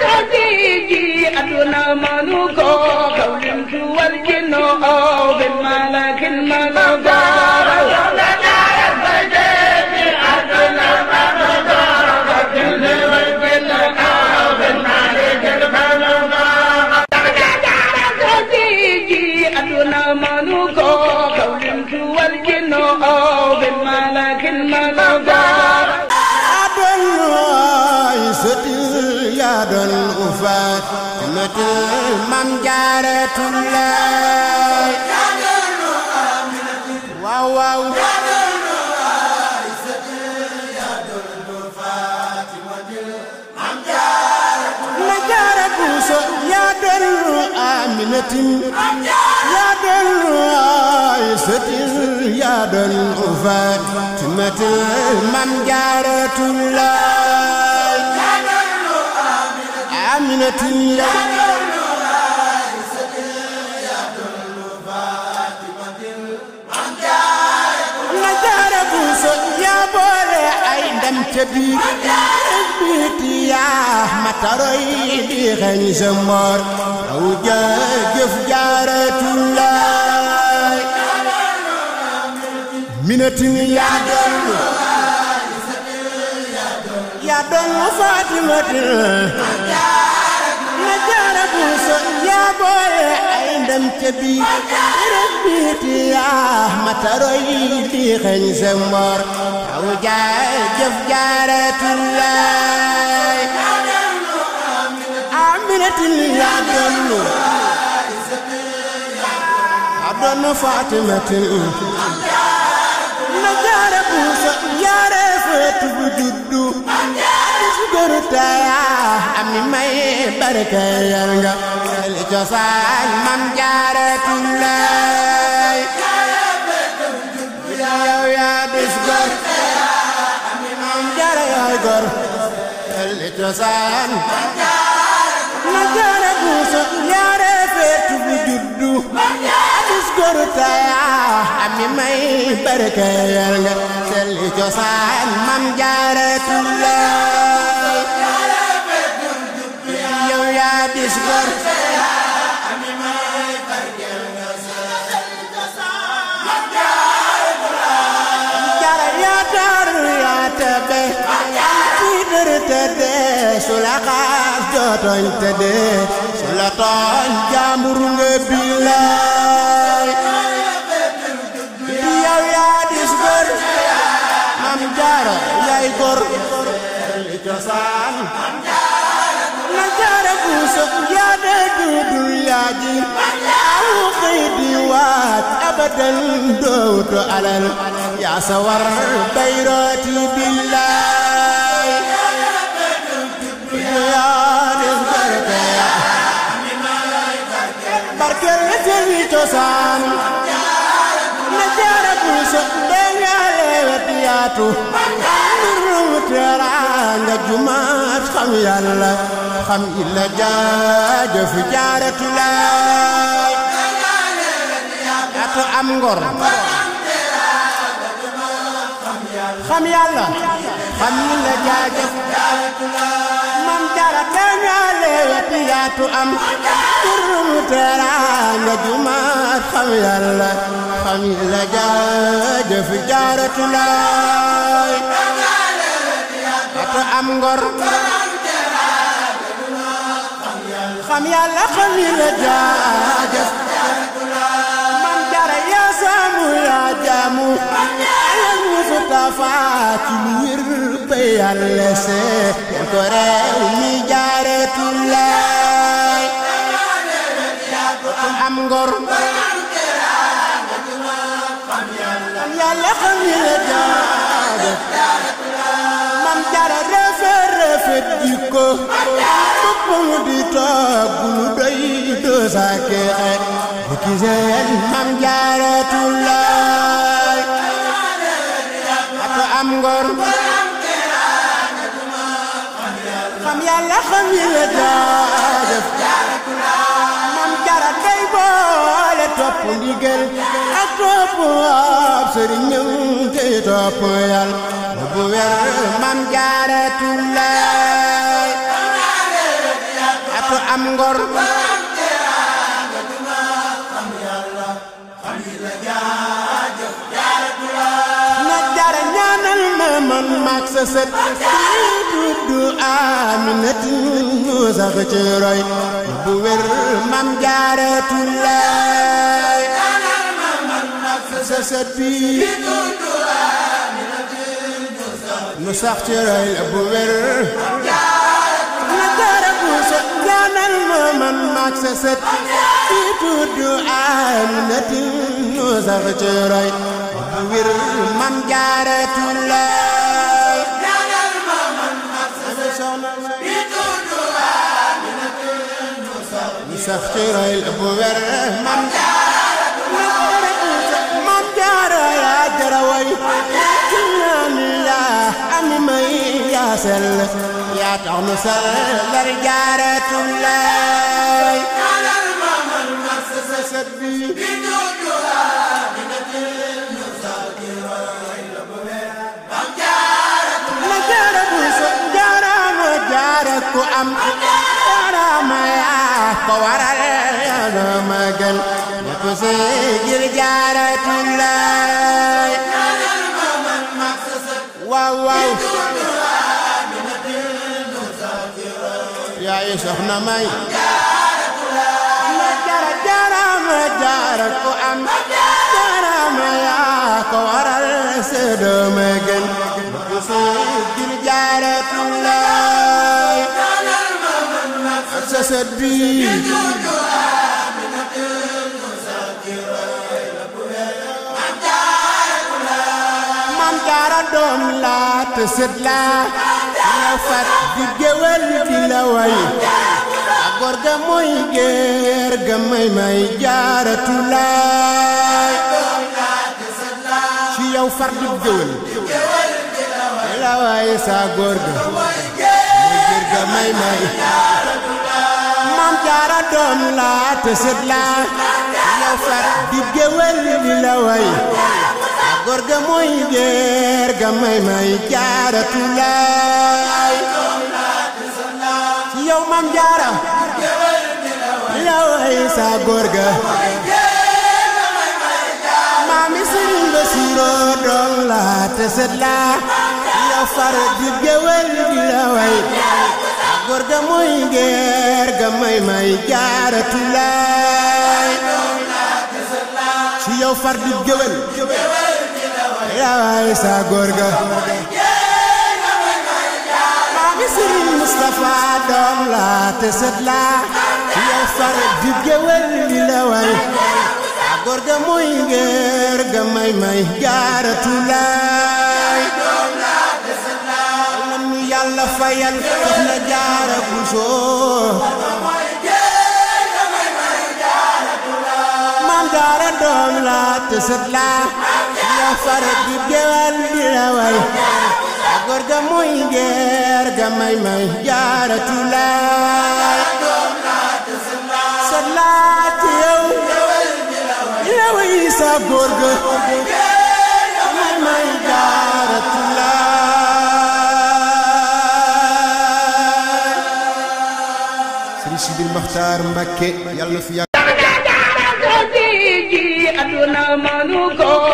moo fi ji aduna ma يا در آمنة يا در عائشة يا در فاطمة من جارة الله آمنة يا در buuso yaa boole ay ndam ca biir biiti yaa mataroy di xeñ sa moor aw jëf jaaratullaay minatin yaa dollu yaa dollu faatimatin yaa boole ay ndam ca biir rek biiti yaa mataro yi di xëñ sa mboor aw jaay jëf jaaratullaay aminatin yaa donnu yaa donnu faatimatin na jaare buusa jaare feetu bu juddu buuru taya am ni maye barke yar nga seli cosaan mam jaara tullay yow yaa dis gor mam jaara yaay gor seli cosaan mam jaara buusu yaare feetu bu juddu dis gor taya am ni maye barke yar nga seli cosaan mam jaara tullay raxas jootoñ te dee su la tooñ jàmbur nga billaay yow yaa dis gor mam jaara yaay gor li cosaan na jaara buusëg yaa dee duudul yaa ji amu xëy di waat abadan dootu alal yaa sawar bayro cosaan na jaara buuse dengaale wet yaatu nuru teraanga jumaat xam yàlla xam illa jaajëf jaaratu laay yaatu am ngor xam yàlla xam illa jaajëf jaaratu laay man jaara tu am kurum teraanga jumaat xam yàlla xam yàlla jaajëf jaaratu laay ata am ngor xam yàlla xam yàlla jaajëf man jara yaa saamu yaa jaamu alam mustafa ci lu wér ba yàlla see ko reew mi jaaratu laay am ngor yàlla xam ni la jaada mam jaara rafet rafet jikko bopp mu di toog lu doy am ngor xam yàlla topp ndigal ak topp ab sëriñam te topp yàlla bu wér mam jaaratullaay atu am ngor man maag sa set tuddu Aminatu ñu sax ci roy bu wér mam jaaratullaay man maag sa set bi tuddu Aminatu ñu sax ci roy bu wér man maag sa set tuddu Aminatu ñu sax ci roy bu wér mam jaaratullaay الابو سفكر البر مدار يا دروي كلام الله أمي يا سل يا طعم سل رجارة الله على الماما المؤسسة سبي بدونها مجارة مجارة مجارة كأم مجارة ما يعلم يا المجل نفسي الجارة الله يا يا يا واو واو يا يا يا جارة يا جارة جارة يا يا جارة يا يا يا مجل نفسي يا الله جسد بي doom laa te sët laa la fat di géwél di la way ak góor ga mooy géer ga may may jaaratu laay ci yow far di géwél di la way saa góor ga mooy géer ga may may jaara doom laa te laa yow fat di géwél li la way a mooy géer ga may may jaara tulaay yow mam jaara la way sa góor ga maami sëriñ ba siiro doom laa te sët laa yow far di géwél li la way góor ga geer ga may may jaaratu laay ci yow geer ga may may jaaratu laay yàlla fayal soxna jaara buso maam jaara doom la te sët la yaa fara di géwal di la way a góor ga muy ngeer ga may may jaara tu la sët la ci yow yaa way sa góor ga Sidi Maxtaar Mbàkke yàlla na fi yàgg